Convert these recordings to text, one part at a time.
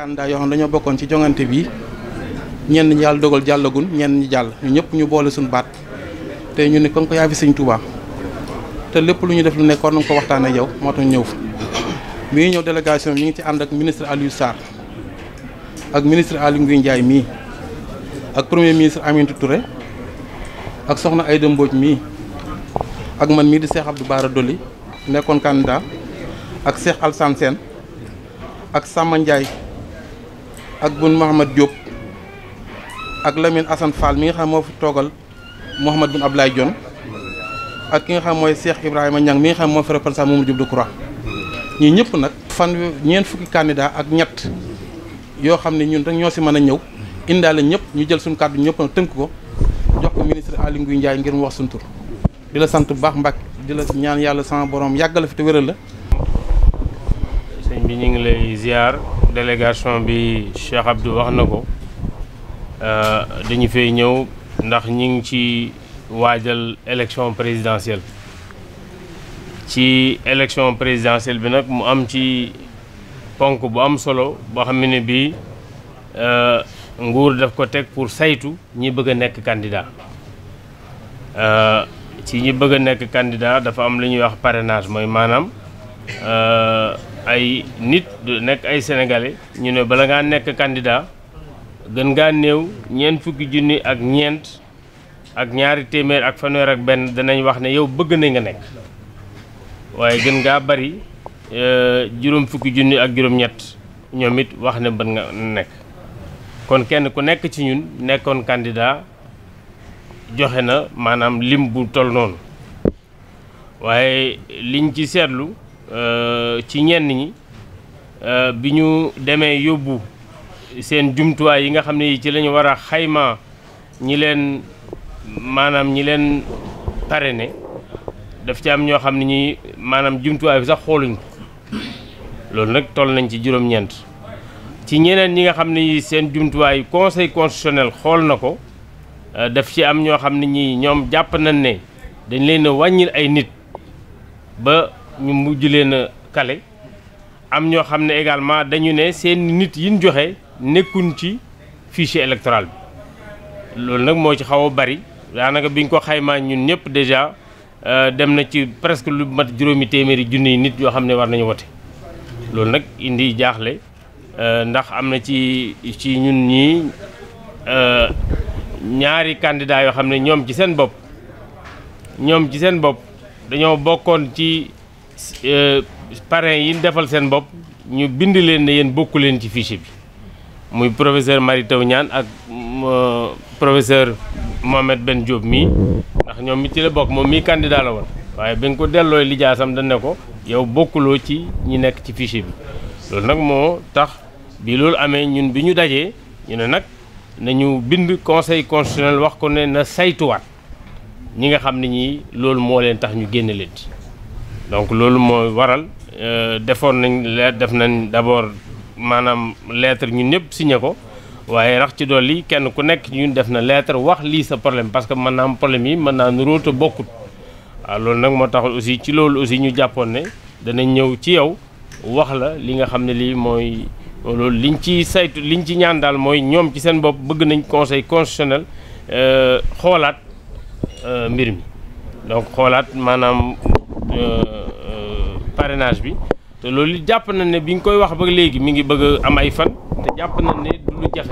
candidat yoo xam dañoo bokkoon ci jongante bi ñenn ñi dogal jàllagun ñenn ñi jàll ñu ñëpp ñu boole suñu baat te ñu ne comme que yaa fi sëñ te lépp lu ñu def lu nekkoon war nañ ko waxtaanee ak moo tax ñëw mi ngi ñëw délégation mi ngi ci ànd ak ministre Aliou Sarr ak ministre Aly Ngouille Ndiaye mii ak premier ministre Aminata Touré ak soxna Aïda Mbodj mii ak man mii di Cheikh Abdou Bara Dolly nekkoon candidat ak Cheikh Alassane Sène ak Samba Ndiaye ak bun Mouhamad Diop ak Lamine Assane Fall mi nga xam moo fi toogal Mouhamad bun Ablaye Dione ak ki nga xam mooy Cheikh Ibrahima Niang mi nga xam moo fi représenté Mamadou Diop Decroix ñii ñëpp nag fan ñeent fukki candidat ak ñett yoo xam ne ñun rek ñoo si mën a ñëw indaale ñëpp ñu jël suñu kàddu ñëpp nag tënk ko jox ko ministre ngir mu wax suñu tur di la sant bu baax Mbàkke di la ñaan yàlla sama borom yàggal fi te wéral la délégation bi Cheikh Abdou wax na ko euh, dañu fay ñëw ndax ñi ngi ci waajal élection présidentielle ci élection présidentielle bi nag mu am ci ponk bu am solo boo xam ne bii euh, nguur daf ko teg pour saytu ñi bëgg a nekk candidat euh, ci ñi bëgg nekk candidat dafa am lu ñuy wax parrainage mooy maanaam ay nit nekk ay sénégalais ñu ne bala ngaa nekk candidat gën ngaa néew ñeent fukki junni ak ñeent ak ñaari téeméer ak fanweer ak benn danañ wax ne yow bëgg na nga nekk waaye gën ngaa bari euh, juróom fukki junni ak juróom-ñett ñoom it wax ne bën nga nekk kon kenn ku nekk ci ñun nekkoon candidat joxe na maanaam lim bu toll noonu waaye liñ ci seetlu Euh, ci ñenn ñi euh, bi ñu demee yóbbu seen jumtuwaay yi nga xam ne yi ci lañu ñu war a xayma ñi leen maanaam ñi leen ne daf ci am ñoo xam ne ñi maanaam jumtuwaay bi sax xooluñ ko loolu nag toll nañ ci juróom-ñeent ci ñeneen ñi nga xam ne ñi seen jumtuwaay conseil constitutionnel xool na ko euh, daf ci am ñoo xam ne ñi ñoom jàpp nañ ne dañ leen a wàññil ay nit ba ñu mujj leen kale am ñoo xam ne également dañu ne seen nit yi ñu joxe nekkuñ ci fichier électoral bi loolu nag moo ci xaw a bari daanaka biñ ko xaymaa ñun ñëpp déjà euh, dem na ci presque lu mat juróomi téeméeri junni nit yoo xam ne war nañu wote loolu nag indi jaaxle euh, ndax am na ci ci ñun ñii euh, ñaari candidat yoo xam ne ñoom ci seen bopp ñoom ci seen bopp dañoo bokkoon ci. Euh, parrains yi defal seen bopp ñu bind leen ne yéen bokku leen ci fichier bi muy professeur Mary Teuw Niane ak professeur Mohamed Ben Diop mii ndax ñoom mi ci la bokk moom mii candidat la woon waaye bi nga ko delloo lijaasam dañ ne ko yow bokkuloo ci ñi nekk ci fichier bi loolu nag moo tax bi loolu amee ñun bi ñu dajee ñu ne nag nañu bind conseil constitutionnel wax ko ne na saytuwaat ñi nga xam ne ñi loolu moo leen tax ñu génn leen donc loolu mooy waral euh, defoon nañ le def nañ d'abord maanaam lettre ñun ñëpp signé ko waaye rax ci dolli kenn ku nekk ñun def na lettre wax lii sa problème parce que mën naa am problème yi mën naa nuróo te bokkut waaw loolu nag moo taxul aussi ci loolu aussi ñu jàppoon ne danañ ñëw ci yow wax la li nga xam ne lii mooy loolu liñ ci saytu liñ ci ñaan daal mooy ñoom ci seen bopp bëgg nañ conseil constitutionnel euh, xoolaat euh, mbir mi donc xoolaat maanaam Euh, euh, parenage bi te loolu jàpp na ne bi nga koy wax ba léegi mi ngi bëgg am ay fan te jàpp na ne du lu jafe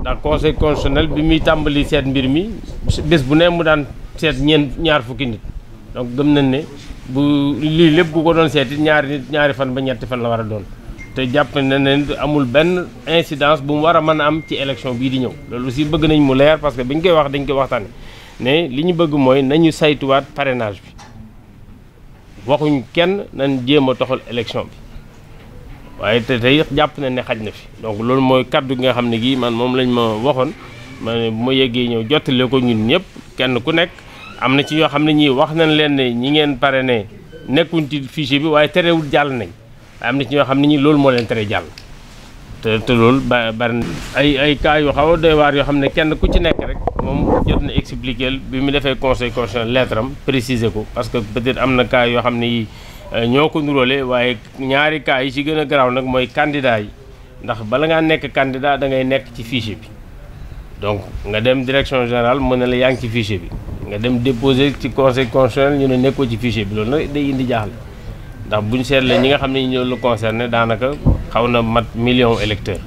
ndax conseil constitutionnel bi muy tàmbali seet mbir mi bés bu ne mu daan seet ñeen ñaar fukki nit donc gëm nañ ne bu lii lépp bu ko doon seeti ñaari nit ñaari fan ba ñetti fan la war a doon te jàpp na ne amul benn incidence bu mu war a mën a am ci élection bii di ñëw loolu aussi bëgg nañ mu leer parce que bi ñu koy wax dañ koy waxtaan ne li ñu bëgg mooy nañu saytuwaat parrainage bi waxuñ kenn nañ jéem a toxal élection bi waaye te tey jàpp nañ ne xaj na fi donc loolu mooy kàddu gi nga xam ne gii man moom lañu ma waxoon ma ne bu ma yeggee ñëw jottale ko ñun ñëpp kenn ku nekk am na ci ñoo xam ne ñii wax nañ leen ne ñi ngeen pare ne nekkuñ ci fise bi waaye terewul jàll nañ am na ci ñoo xam ne ñii loolu moo leen tere jàll. te te loolu ba bari ay ay cas yu xaw a doy waar yoo xam ne kenn ku ci nekk rek moom. expliqué bi mu defee conseil constitutionnel lettre am préciser ko parce que peut-être am na cas yoo xam ne yi euh, ñoo ko nuróole waaye ñaari cas yi ci gën a garaaw nag mooy candidat yi ndax bala ngaa nekk candidat da ngay nekk ci fichier bi donc nga dem direction générale mën na la yaa ngi ci fichier bi nga dem déposé ci conseil constitutionnel ñu ne nekkoo ci fichier bi loolu nag day indi jaaxle ndax buñ seetlee ñi nga xam ne ñoo la concerné daanaka xaw na mat million électeurs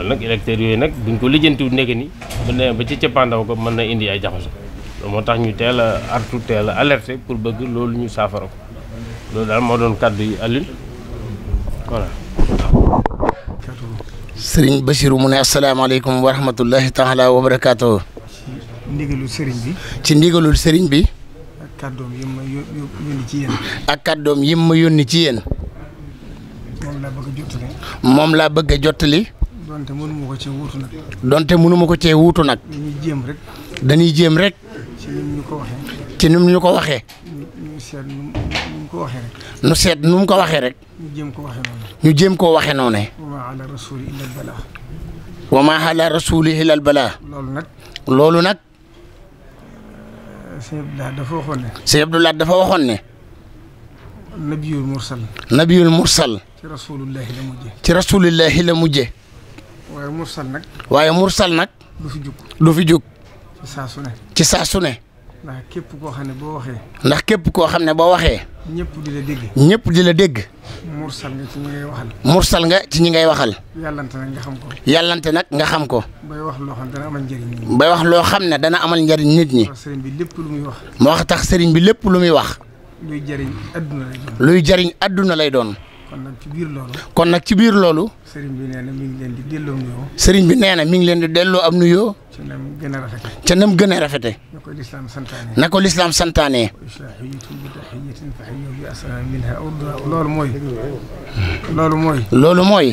loolu nag électeurs yooyu nag buñ ko lijjantiwul nekk ni bu ne ba ci cappaandaw ko mën na indi ay jaxaso moo tax ñu teel a artu teel a pour bëgg loolu ñu saafara ko loolu daal moo doon kàddu yi Alioune sëriñ Bachirou mu ne asalaamaaleykum wa rahmatullahi taala wa ci ndigalul sëriñ bi. ci ndigalul sëriñ bi. ak kàddoom yi ma yónni ci yéen. moom laa bëgg a jottali. jottali. donte mënuma ko cee wuutu nag. donte mënu ma ko cee wuutu nag. jéem rek. dañuy jéem rek. ci ni ñu ko waxee. ci ko waxee. ñu seet nu ko waxee nu seet nu ko waxee rek. ñu jéem ko waxe noonu. ñu jéem koo waxee noonu. wa maa ala rasuli illa al balaa. balaa. loolu nag. loolu nag. Sëñ Abdoulaye dafa waxoon ne. Sëñ waxoon ne. nabiyul mursal. nabiyul mursal. ci rasulillahi la mujjee. ci rasulillahi la waaye mursal nag. waaye mursal nag. du fi jug du fi jug. ci saa ne. ci saa ndax képp koo xam ne boo waxee. ndax képp koo xam ne boo waxee. ñëpp di la dégg. ñëpp di la dégg. mursal nga ci ñi ngay waxal. mursal nga ci ñi ngay waxal. yàllante nag nga xam ko. yàllante nag nga xam ko. bay wax loo xam ne dana amal njëriñ nit ñi. bay wax loo xam ne dana amal njëriñ nit ñi. tax sëriñ bi lépp lu muy wax. moo tax sëriñ bi lépp lu wax. luy jëriñ adduna lay doon. luy jëriñ adduna lay doon. kon nag ci biir loolu. kon nag ci biir loolu. sëriñ bi nee na mi ngi leen di delloo nuyoo. sëriñ bi nee na mi ngi leen di delloo am nuyoo. ca nam gën a rafete. ca nam gën a rafete. na ko lislaam santaane. na ko lislaam santaane. loolu mooy. loolu mooy. loolu mooy.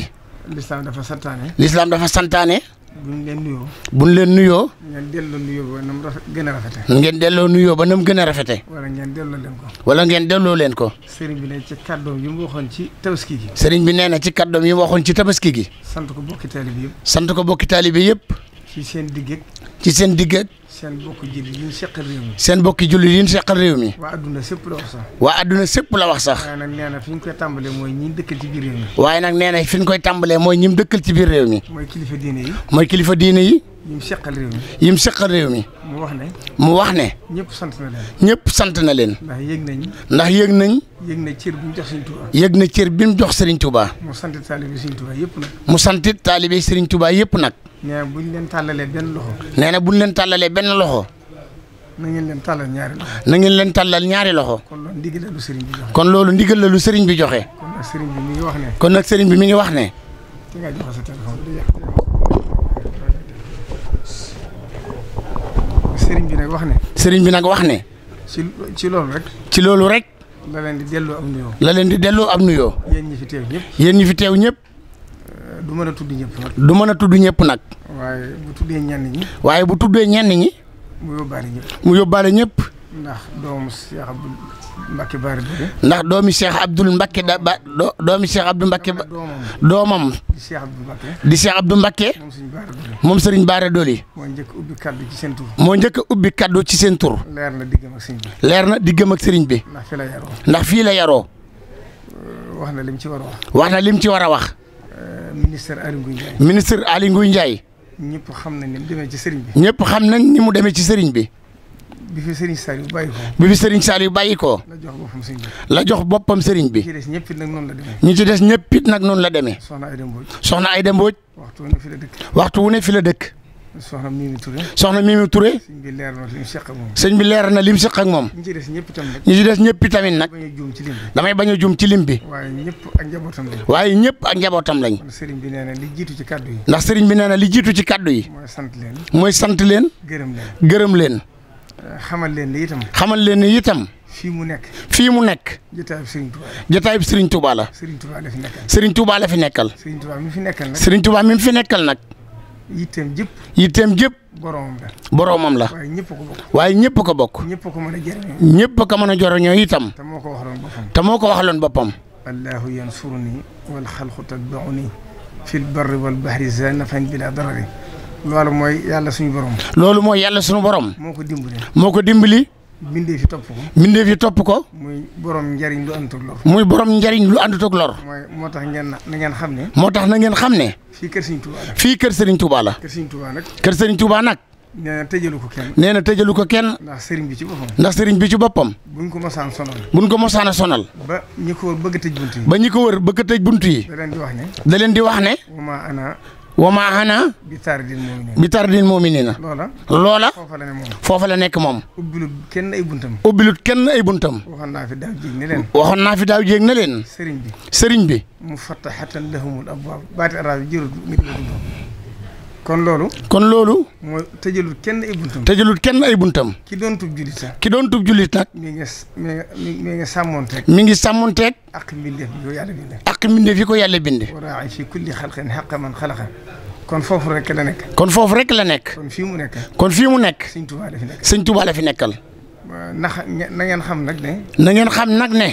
lislaam dafa santaane. lislaam dafa santaane. buñ leen nuyoo. bu buñ leen nuyoo. ngeen delloo nuyoo ba nam gën a rafete ngeen delloo nuyoo ba nam gën a rafete wala ngeen delloo leen ko. wala ngeen delloo leen ko. sëriñ bi ne ci kàddoom yi mu waxoon ci tabaski gi. sëriñ bi nee na ci kàddoom yi mu waxoon ci tabaski gi. sant ko bokki taalibe yëpp. sant ko bokki taalibe yëpp. ci seen digg ci seen digg seen bokki jullit yi ñu réew mi. seen bokki jullit yi ñu seqal réew mi. waa adduna sépp la wax sax. waa adduna sépp la wax sax. waaye nag nee na fi ñu koy tàmbalee mooy ñi dëkkal ci biir réew mi. waaye nag nee na fi ñu koy tàmbalee mooy ñi mu dëkkal ci biir réew mi. mooy kilifa diine yi. mooy kilifa yi. yim seqal réew mi. yim seqal réew mi. mu wax ne. mu wax ne. ñëpp sant na leen. ñëpp sant na leen. ndax yëg nañ. ndax yëg nañ. yég na cër bi mu jox Serigne Touba. yëg na cër bi mu jox Serigne Touba. mu sant taalibe Serigne yëpp nag. mu sant taalibe Serigne Touba yëpp nag. nee na bu ñu leen tàllalee benn loxo. nee na bu leen tàllalee benn loxo. na ngeen leen tàllal ñaari loxo. na ngeen leen tàllal ñaari loxo. kon loolu ndigal la lu Serigne bi joxe. kon loolu ndigal la lu Serigne bi joxe. kon nag Serigne bi mi wax ne. kon nag Serigne bi mi ngi wax ne. sëriñ bi nag wax ne. sëriñ bi nag wax ne. ci ci loolu rek. ci loolu rek. la leen di delloo am nuyoo. la leen di delloo am nuyoo. yéen ñi fi teew ñëpp. yéen ñi fi teew ñëpp. Euh, du mën a tudd ñëpp nag. du mën a tudd ñëpp nag. waaye bu tuddee ñenn ñi. waaye bu tuddee ñenn ñi. mu yóbbaale ñëpp. mu yóbbaale ñëpp. ndax doomu Cheikh Abdoul Mbacke Baari Touré. ndax doomu Cheikh Abdoul Mbacke da ba doomu Cheikh Abdoul Mbacke. doomam di Cheikh Abdoul Mbacke. di Cheikh Abdoul Mbacke. moom Serigne Baara Doli. moo njëkk ubbi kaddu ci seen tur. moo njëkk ubbi kaddu ci seen tur. leer na diggam ak Serigne bi. leer na diggam ak Serigne bi. ndax fii la yaroo. ndax fii la yaroo. Euh, wax na lim ci war wax. wax na lim ci war a wax. Euh, ministre Aly Ngouille Ndiaye. ministre Aly Ndiaye. ñëpp xam nañ ni mu demee ci Serigne bi. ñëpp xam nañ ni mu demee ci Serigne bi. bi fi Serigne Saliou bàyyi ko. bàyyi ko. la jox boppam Serigne bi. la jox boppam Serigne bi. ñi ci des ñëpp it nag noon la demee. ñi ci des ñëpp it nag la demee. Soxna Aïda Mbodj. Soxna Aïda Mbodj. waxtu wu ne fi la dëkk. waxtu wu ne fi la dëkk. soxna Mimi Touré. soxna Mimi Touré. sëñ bi leer na lim seq ak moom. bi leer na lim seq ak moom. ñi ci des ñëpp itam nag. ñi ci des ñëpp itamit nag. damay bañ a juum ci lim bi. waaye ñëpp ak njabootam lañ. waaye ñëpp ak njabootam lañ. sëriñ bi nee na li jiitu ci kàddu yi. ndax sëriñ bi nee na li jiitu ci kàddu yi. mooy sant leen. mooy sant leen. gërëm leen gërëm leen. xamal leen ni itam. xamal leen ni itam. fii mu nekk. fii mu nekk. jotaayub Serigne Touba la. jotaayub Serigne Touba la. Serigne Touba la fi nekkal. Serigne Touba la fi nekkal. Serigne Touba mi fi nekkal nag. Serigne Touba mi fi nekkal nag. yitteem jëpp. yitteem jëpp. boromam la. boromam la. waaye ñëpp ko bokk. waaye ñëpp ko bokk. ñëpp ko mën a jëriñoo. ñëpp ko mën a jëriñoo itam. te moo ko waxaloon boppam. te moo ko waxaloon boppam. allahu yansuruni wal xalqu tatbauni fil barri wal bahri zanafan bila darari loolu mooy yàlla suñu borom. loolu mooy yàlla suñu borom. moo ko dimbali. moo ko dimbali. mbindeef yi topp ko. mbindeef yi topp ko. muy borom njariñ lu àndut ak lor. muy borom njariñ lu àndut ak lor. mooy moo tax ngeen na ngeen xam ne. moo tax na ngeen xam ne. fii kër Serigne Touba la. fii kër Serigne Touba la. kër Serigne Touba nag. kër Serigne Touba nag. nee na ko kenn. nee na tëjalu ko kenn. ndax sëriñ bi ci boppam. ndax sëriñ bi ci boppam. buñ ko mosaan sonal. buñ ko mosaan sonal. ba ñu ko wër bëgg a tëj bunt ba ñu ko wër bëgg a bunt yi. da leen di wax ne. wa maa ana bi tardil muminina loola foofa la nekk moom ubbilut kenn ay buntam ubbilut kenn ay buntam waxoon naa fi daaw jéeg ne leen naa fi daaw jéeg ne leen sëriñ bi sëriñ bi mu fattaxatan lahumul abwaab baati arab yi kon loolu. kon loolu. mooy tëjalul kenn ay buntam. kenn ay buntam. ki doon tub jullit nag. ki doon tub jullit nag. mi ngi mi ngi mi ngi sàmmonteeg. mi ngi sàmmonteeg. ak mbindeef yi ko yàlla bindee. ak mbindeef yi ko yàlla bindee. waraay fi kulli xalqin xaqa man xalaqa. kon foofu rek la nekk. kon foofu rek la nekk. kon fii mu nekk. kon fii mu nekk. sëñ Tuubaa la fi nekk. sëñ nekkal. na ngeen xam nag ne. na xam nag ne.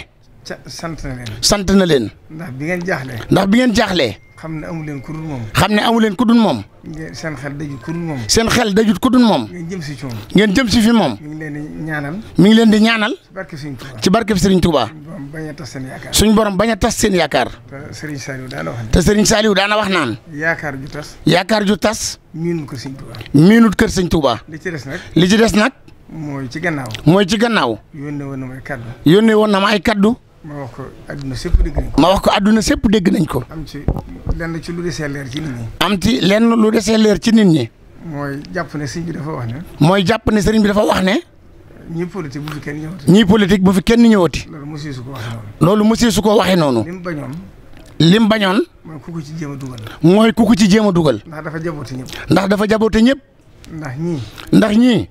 sant na leen. sant na leen. ndax bi ngeen jaaxlee. ndax bi ngeen jaaxlee. xam ne amuleen leen moom. xam ne amu leen ku dul moom. seen xel dajut ku dul moom. seen xel dajut ku moom. ngeen jëm si ci ngeen jëm si fi moom. mi ngi leen di ñaanal. mi ngi leen di ñaanal. ci barkeb Serigne Touba. ci barkeb Serigne Touba. suñ borom bañ a tas seen yaakaar. borom bañ tas seen yaakaar. te Serigne Saliou daana wax. te Serigne daana wax naan. yaakaar ju tas. yaakaar ju tas. miinut kër Serigne Touba. kër Serigne Touba. li ci des nag. li ci des nag. mooy ci gannaaw. mooy ci gannaaw. yónnee woon na ma yónnee woon na ma ay kaddu ma wax ko adduna sépp dégg nañ ko. ma wax ko adduna sépp dégg nañ ko. am ci lenn ci lu desee leer ci nit ñi. am ci lenn lu desee leer ci nit ñi. mooy jàpp ne sëriñ bi dafa wax ne. mooy jàpp ne sëriñ bi dafa wax ne. ñii politique bu fi kenn ñëwati. ñii politique bu fi kenn ñëwati. loolu mosii su ko waxee noonu. loolu mosii su ko waxee noonu. lim bañoon. lim bañoon. mooy ku ko ci jéem a dugal. mooy ku ko ci jéem a dugal. ndax dafa jaboote ñëpp. ndax dafa jaboote ñëpp. ndax ñii. ndax ñii.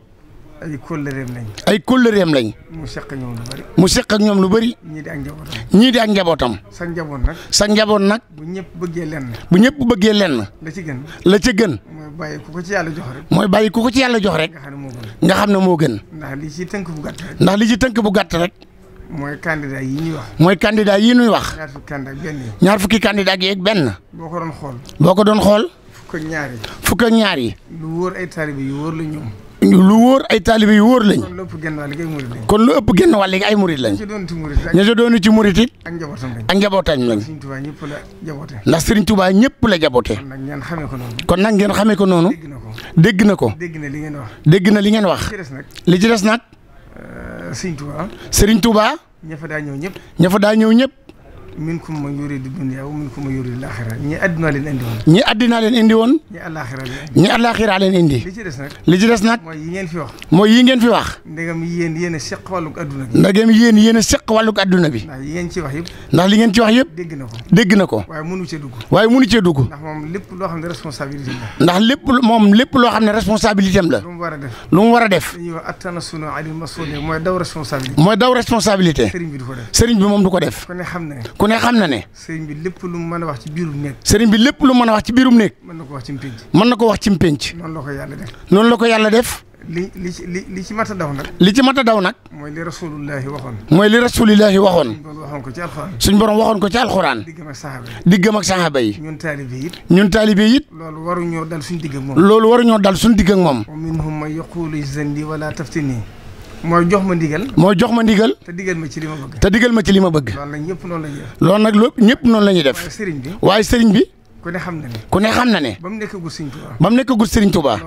ay kóllëreem lañ. ay kóllëreem lañ. mu seq ak ñoom lu bëri. mu seq ak ñoom lu bëri. ñii di ak njabootam. ñii di ak njabootam. sa njaboot nag. sa njaboot nag. bu ñëpp bëggee lenn. bu ñëpp bëggee lenn. la ci gën. la ci gën. mooy bàyyi ku ko ci yàlla jox rek. mooy bàyyi ku ko ci yàlla jox rek. nga xam ne moo gën. ndax li ci tënk bu gàtt rek. ndax li ci tënk bu gàtt rek. mooy candidat yi ñuy wax. mooy candidat yi wax. ñaar fukki candidat ak benn. ñaar fukki candidat yeeg benn. boo ko doon xool. boo ko doon xool. fukk ak ñaar yi. fukk ñaar yi. lu wóor ay taalibe yu wóor la ñoom. lu wóor ay taalibe yu wóor lañ. kon lu ëpp genn wàll gi ay murit lañ. kon lu ëpp murit it. ak njabootam lañ ndax Serigne Touba ñëpp la jaboote. kon nag ngeen xamee ko noonu. dégg na ko dégg na li ngeen wax. dégg na li ngeen nag. Serigne Touba. Serigne ña fa daa ñëw ñëpp. ña fa daa ñëw ñëpp. minkum man yuridu dunya wa minkum man yuridu leen indi woon. ñi addinaa leen indi li ci des nag. li ci des nag. mooy yi ngeen fi wax. mooy yi ngeen fi wax. ndegam yéen yéen a seq wàllug adduna bi. yéen yéen a seq wàllug adduna bi. ndax yi wax yëpp. ndax li ngeen ci wax yëpp. dégg na ko dégg na ko. waaye mënu cee dugg. waaye mënu cee dugg. ndax moom lépp loo xam ne responsabilité la. ndax lépp moom lépp loo xam ne responsabilité am la. lu mu war a def lu mu war mooy daw responsabilité. mooy daw sëriñ bi moom du ko def. ku ne ku ne na ne. sëriñ bi lépp lu mën a wax ci biirum néeg. sëriñ bi lépp lu mën a wax ci biirum néeg. mën na ko wax ci na ko wax ci mpénc. noonu la ko yàlla def. noonu la ko yàlla def. li li ci li li ci mat a daw nag. li ci mat a daw nag. mooy li rasulillahi li rasulillahi waxoon. suñ borom waxoon ko ci alxuraan. suñ borom waxoon ko ci alxuraan. diggam ak saxaaba yi. diggam ak saxaaba yi. ñun taalibe yi it. ñun taalibe yi it. loolu waruñoo dal suñ digg ak moom. loolu waruñoo dal suñ digg ak moom. wa minhum man yaqulu zandi wala mooy jox ma ndigal. mooy jox ma ndigal. te digal ma ci li ma bëgg. te ma ci li ma bëgg. loolu nag ñëpp noonu la ñuy def. loolu lépp ñëpp noonu la ñuy def. waaye sëriñ bi waaye sëriñ bi. ku ne xam na ne. ku ne xam na ne. ba mu nekkagul sëriñ Tuubaa. ba mu nekkagul sëriñ Tuubaa.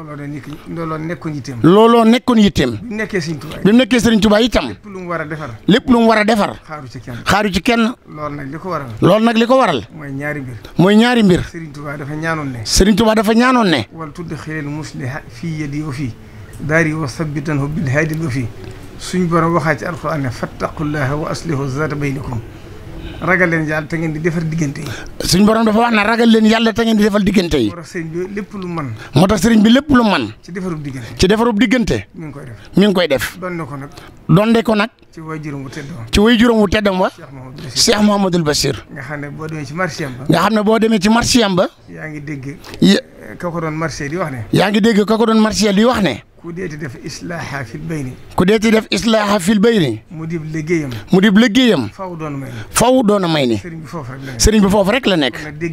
looloo nekkoon yitteem. looloo nekkoon yitteem. bi mu nekkee sëriñ Tuubaa bi mu nekkee sëriñ Tuubaa itam. lépp lu mu war a defar. lépp lu mu war a defar. xaaru ci kenn. xaaru ci kenn. loolu nag li ko waral. loolu nag li ko waral. mooy ñaari mbir. mooy ñaari mbir. sëriñ Tuubaa dafa ñaanoon ne. sëriñ Tuubaa dafa ñaanoon ne. wal tudd xileel musliha fii yadi wa fii daari wa sabbitanhu bil haadil wa fii suñ borom waxaa ci alxuraan ne fattaqullaha wa aslihu zaata baynikum ragal leen yàlla ta ngeen di defar diggante yi. suñ borom dafa wax na ragal leen yàlla te ngeen di defal diggante yi. moo tax bi lépp lu mën. moo tax sëriñ bi lépp lu mën. ci defarub diggante. ci defarub diggante. mi ngi koy def mi ngi koy def. donde ko nag. donde ko nag. ci way juróom wu teddam. ci way juróom wu teddam wa. Cheikh Mouhamadul Bachir. nga xam ne boo demee ci marché am nga xam ne boo demee ci marché am ba. yaa ngi dégg. ka ko doon marché di yaa ngi dégg ka ko doon marché di wax ne. ku deeti def islaaha fil bayni. deeti def islaaha fil mu dib liggéeyam. mu dib liggéeyam. faw doon may. faw doon may ni. sëriñ bi foofu rek la nekk. sëriñ bi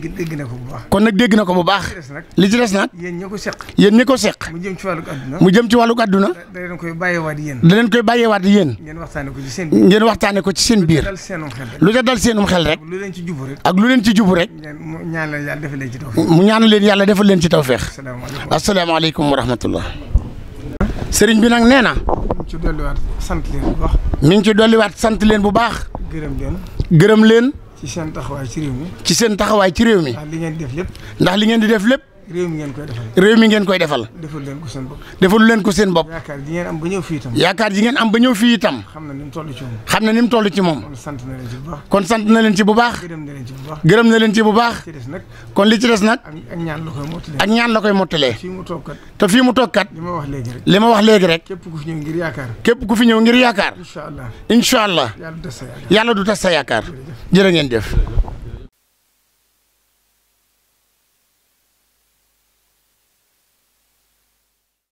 foofu rek la nekk. kon nag dégg dégg na ko bu baax. kon nag dégg na ko bu baax. li ci des nag. yéen ñi ko seq. yéen ñi ko seq. mu jëm ci wàllug adduna. mu jëm koy bàyyeewaat yéen. da ngeen waxtaane ko ci seen biir. lu ca dal seenum xel rek. ak lu leen ci jubu rek. mu ñaanal leen yàlla defal leen ci tawféex. asalaamaaleykum wa rahmatullah. sëriñ bi na. mi ngi ci dolliwaat sant ngi ci dolliwaat sant leen bu baax. gërëm leen. gërëm leen. ci seen taxawaay ci réew mi. ci seen taxawaay ci réew mi. ndax li ngeen di def lépp. ndax li ngeen di def lépp. réew mi ngeen koy defal. réew mi ngeen koy defal. defal leen ko seen bopp. defal leen ko seen bopp. yaakaar ji ngeen am ba ñëw fii itam. yaakaar ji ngeen am ba ñëw fii xam na ni mu toll ci moom. xam na ni mu toll ci kon sant na leen ci bu baax. kon sant na leen ci bu baax. gërëm na leen ci bu baax. na leen ci bu baax. kon li ci nag. ak ñaan la koy mottalee. ak ñaan mu toog kat. te fii mu toog kat. li ma wax léegi rek. li ma wax léegi rek. képp ku fi ñëw ngir yaakaar. képp ku fi ñëw ngir yaakaar. incha allah. incha allah. yàlla du tas sa yaakaar. jërë ngeen def